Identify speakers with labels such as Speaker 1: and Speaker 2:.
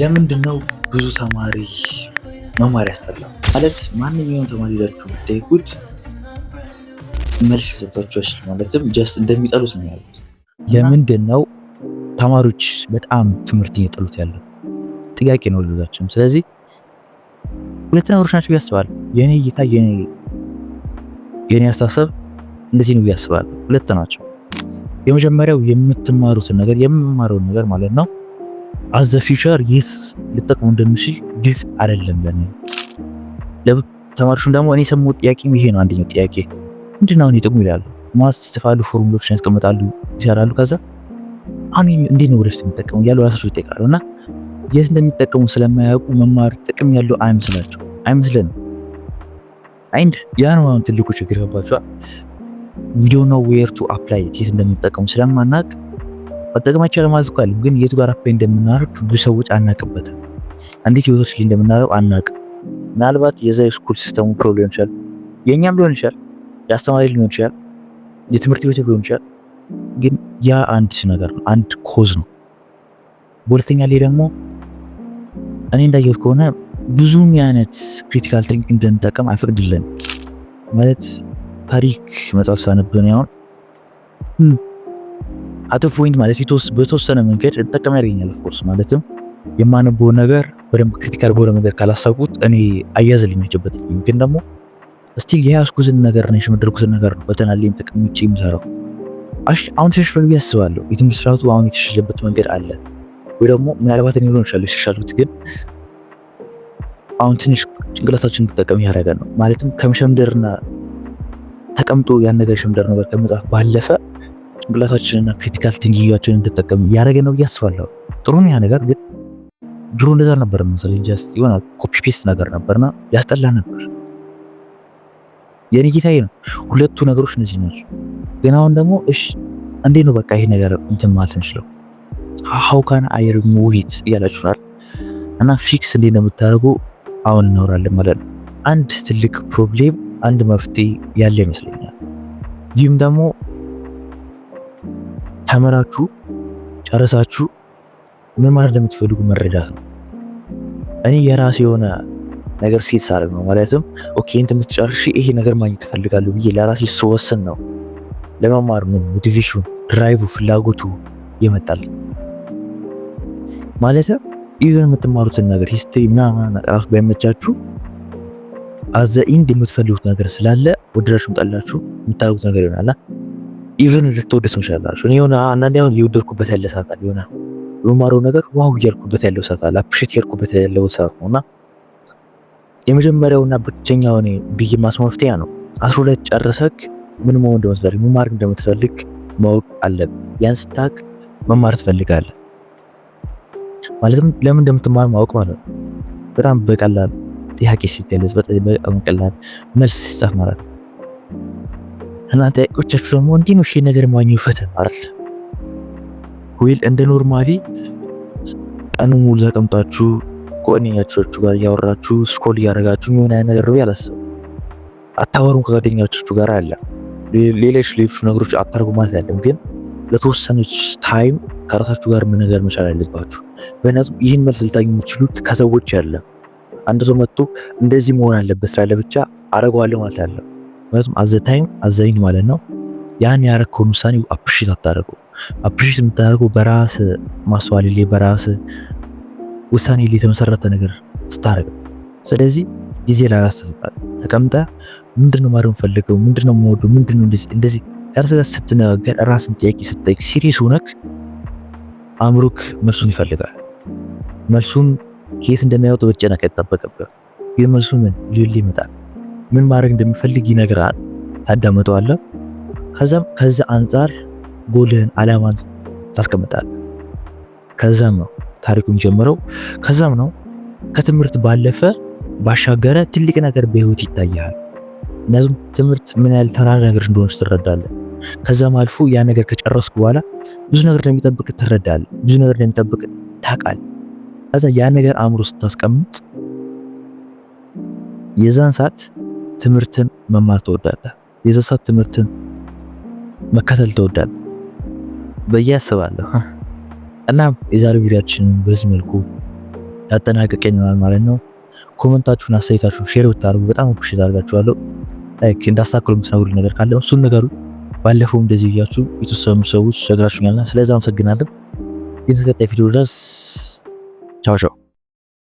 Speaker 1: ለምንድን ነው ብዙ ተማሪ መማር ያስጠላው? ማለት ማንኛውም ተማሪ ይዛችሁ ብትጠይቁት መልስ ሊሰጣችሁ ያሽል ማለትም ጀስት እንደሚጠሉት ነው ያሉት። ለምንድን ነው ተማሪዎች በጣም ትምህርት እየጠሉት ያለው ጥያቄ ነው ልላችሁም። ስለዚህ ሁለት ነገሮች ናቸው ያስባል። የኔ እይታ የኔ አስተሳሰብ እንደዚህ ነው ያስባል። ሁለት ናቸው። የመጀመሪያው የምትማሩትን ነገር የምማረውን ነገር ማለት ነው አዘ ፊውቸር የት ልጠቅሙ እንደምችል ግልጽ አይደለም ለኔ። ተማሪዎቹም ደግሞ እኔ የሰማሁት ጥያቄ ይሄ ነው። አንደኛው ጥያቄ ምንድን ነው ጥቅሙ ይላሉ። ማስ ፎርሙሎችን ያስቀምጣሉ፣ ይሰራሉ። ከዛ አሁን እንዴት ነው ወደፊት የሚጠቀሙ እያሉ ራሳቸው ይጠይቃሉ። እና የት እንደሚጠቀሙ ስለማያውቁ መማር ጥቅም ያለው አይመስላቸው አይመስለንም። አንድ ያ ነው አሁን ትልቁ ችግር ገባቸዋል። ዊ ዶንት ኖው ዌር ቱ አፕላይ የት እንደሚጠቀሙ ስለማናውቅ መጠቀማቸው ለማዝኳል ግን የቱ ጋር አፕ እንደምናደርግ ብዙ ሰዎች አናቅበትም። እንዴት ህይወቶች ላይ እንደምናደርግ አናቅም። ምናልባት የዛ ስኩል ሲስተሙ ፕሮብሌም ሊሆን ይችላል፣ የእኛም ሊሆን ይችላል፣ የአስተማሪ ሊሆን ይችላል፣ የትምህርት ቤት ሊሆን ይችላል። ግን ያ አንድ ነገር ነው፣ አንድ ኮዝ ነው። በሁለተኛ ላይ ደግሞ እኔ እንዳየሁት ከሆነ ብዙም የአይነት ክሪቲካል ቲንክ እንድንጠቀም አይፈቅድልን ማለት ታሪክ መጽሐፍ ሳነብን ያሁን አቶ ፎይንት ማለት ሲቶስ በተወሰነ መንገድ እንጠቀም ያገኛል። ኦፍኮርስ ማለትም የማነበውን ነገር በደንብ ክሪቲካል በሆነ መንገድ ካላሳብኩት እኔ አያዝልኝ ያቸበት ግን ደግሞ እስቲ የያዝኩትን ነገር ነው የሸመደርኩትን ነገር ነው በተናሌም ጠቅምጭ የምሰራው አሁን ሸሽፈን ብዬ አስባለሁ። የትምህርት ስርዓቱ አሁን የተሻሻለበት መንገድ አለ ወይ ደግሞ ምናልባት እኔ ሆን ይችላሉ የተሻሻሉት ግን አሁን ትንሽ ጭንቅላታችን እንጠቀም ያደረገ ነው ማለትም ከመሸምደርና ተቀምጦ ያን ነገር የሸምደር ነገር ከመጽሐፍ ባለፈ ጭንቅላታችንና ክሪቲካል ቲንኪንጋችንን እንድጠቀም ያደረገ ነው ብዬ አስባለሁ። ጥሩ ነው ያ ነገር ግን ድሮ እንደዛ ነበር መሰለኝ። ጀስት የሆነ ኮፒ ፔስት ነገር ነበርና ያስጠላ ነበር። የኔ ጌታዬ ነው። ሁለቱ ነገሮች እነዚህ ናቸው። ግን አሁን ደግሞ እሺ እንዴት ነው በቃ ይሄ ነገር እንትን ማለት እንችለው ሀው ካን አይ ሪሙቭ ኢት እያላችሁናል እና ፊክስ እንዴት ነው የምታደርጉ አሁን እናወራለን ማለት ነው። አንድ ትልቅ ፕሮብሌም አንድ መፍትሄ ያለ ይመስለኛል። ይህም ደግሞ ተምራችሁ ጨረሳችሁ ምን ማለት እንደምትፈልጉ መረዳት ነው። እኔ የራሴ የሆነ ነገር ሴት ሳደርግ ነው ማለትም ኦኬ እንት የምትጨርሽ ይሄ ነገር ማግኘት ትፈልጋለሁ ብዬ ለራሴ ስወስን ነው ለመማር ነው ሞቲቬሽኑ፣ ድራይቭ፣ ፍላጎቱ ይመጣል። ማለትም ኢቨን የምትማሩትን ነገር ሂስትሪ ምናምን ራሱ ባይመቻችሁ አዘ ኢንድ የምትፈልጉት ነገር ስላለ ወደዳችሁ ምጣላችሁ የምታደርጉት ነገር ይሆናልና ኢቨን ልትወደሰው ይችላላችሁ። እኔ የሆነ አንዳንዴ አሁን የወደድኩበት ያለ ሰዓት አለ፣ የሆነ የማረው ነገር ዋው እያልኩበት ያለው ሰዓት አለ፣ አፕሪሼት እያልኩበት ያለው ሰዓት ነው። እና የመጀመሪያውና ብቸኛ ሆነ ብዬ ማስ መፍትያ ነው። አስሮ ላይ ጨረሰክ ምን መሆን እንደምትፈልግ ምን ማድረግ እንደምትፈልግ ማወቅ አለብህ። ያን ስታክ መማር ትፈልጋለህ ማለትም ለምን እንደምትማር ማወቅ ማለት ነው። በጣም በቀላል ጥያቄ ሲገለጽ በጣም በቀላል መልስ ሲጻፍ ማለት ነው። እና ጥያቄዎቻችሁ ደግሞ እንዲህ ነው። ይሄ ነገር ማግኘው ፈተናል ወይል እንደ ኖርማሊ ቀኑ ሙሉ ተቀምጣችሁ ከጓደኛችሁ ጋር እያወራችሁ ስኮል እያደረጋችሁ የሚሆን አይነት ነገር ነው ያላሰቡ አታወሩም። ከጓደኛችሁ ጋር አለ ሌሎች ሌሎች ነገሮች አታርጉ ማለት አይደለም፣ ግን ለተወሰነች ታይም ከራሳችሁ ጋር መነጋገር መቻል አለባችሁ። በእናትም ይህን መልስ ልታገኙ የምትችሉት ከሰዎች ያለ አንድ ሰው መጥቶ እንደዚህ መሆን አለበት ስላለ ብቻ አረገዋለሁ ማለት አለም ምክንያቱም አዘታይም አዘኝ ማለት ነው ያን ያረከውን ውሳኔ አፕሪሺት አታደርገው። አፕሪሺት የምታደርገው በራስ ማስተዋል ላይ በራስ ውሳኔ ላይ የተመሰረተ ነገር ስታደርግ። ስለዚህ ጊዜ ለራስ ተቀምጠ ምንድነው ማድረግ ፈልገው ምንድነው የምወደው ምንድነው እንደዚህ ከራስ ጋር ስትነጋገር ራስን ጥያቄ ስትጠይቅ ሲሪየስ ሆነክ አእምሮክ መልሱን ይፈልጋል። መልሱን ከየት እንደሚያወጣው ብቻ ነው አይጠበቅብህም። ግን መልሱ ምን ሊል ይመጣል ምን ማድረግ እንደሚፈልግ ይነግራል። ታዳምጠዋለህ። ከዛም ከዛ አንጻር ጎልህን አላማን ታስቀምጣል። ከዛም ነው ታሪኩ የሚጀምረው። ከዛም ነው ከትምህርት ባለፈ ባሻገረ ትልቅ ነገር በህይወት ይታያል። እናም ትምህርት ምን ያህል ተራ ነገር እንደሆነ ትረዳለህ። ከዛም አልፎ ያ ነገር ከጨረስኩ በኋላ ብዙ ነገር እንደሚጠብቅ ትረዳለህ። ብዙ ነገር እንደሚጠብቅ ታውቃለህ። ከዛ ያ ነገር አእምሮ ስታስቀምጥ የዛን ሰዓት ትምህርትን መማር ትወዳለህ? የዘሳት ትምህርትን መከተል ትወዳለህ ብዬ አስባለሁ። እና የዛሬ ቪዲዮአችንን በዚህ መልኩ ያጠናቀቀናል ማለት ነው። ኮመንታችሁን፣ አስተያየታችሁን ሼር ብታደርጉ በጣም ኩሽት አድርጋችኋለሁ። ላይክ እንዳስተካክሉ የምትነግሩት ነገር ካለ እሱን ነገሩ። ባለፈው እንደዚህ እያችሁ የተወሰኑ ሰዎች ነግራችሁኛልና ስለዚ አመሰግናለን። እስከ ቀጣይ ቪዲዮ ድረስ ቻው ቻው።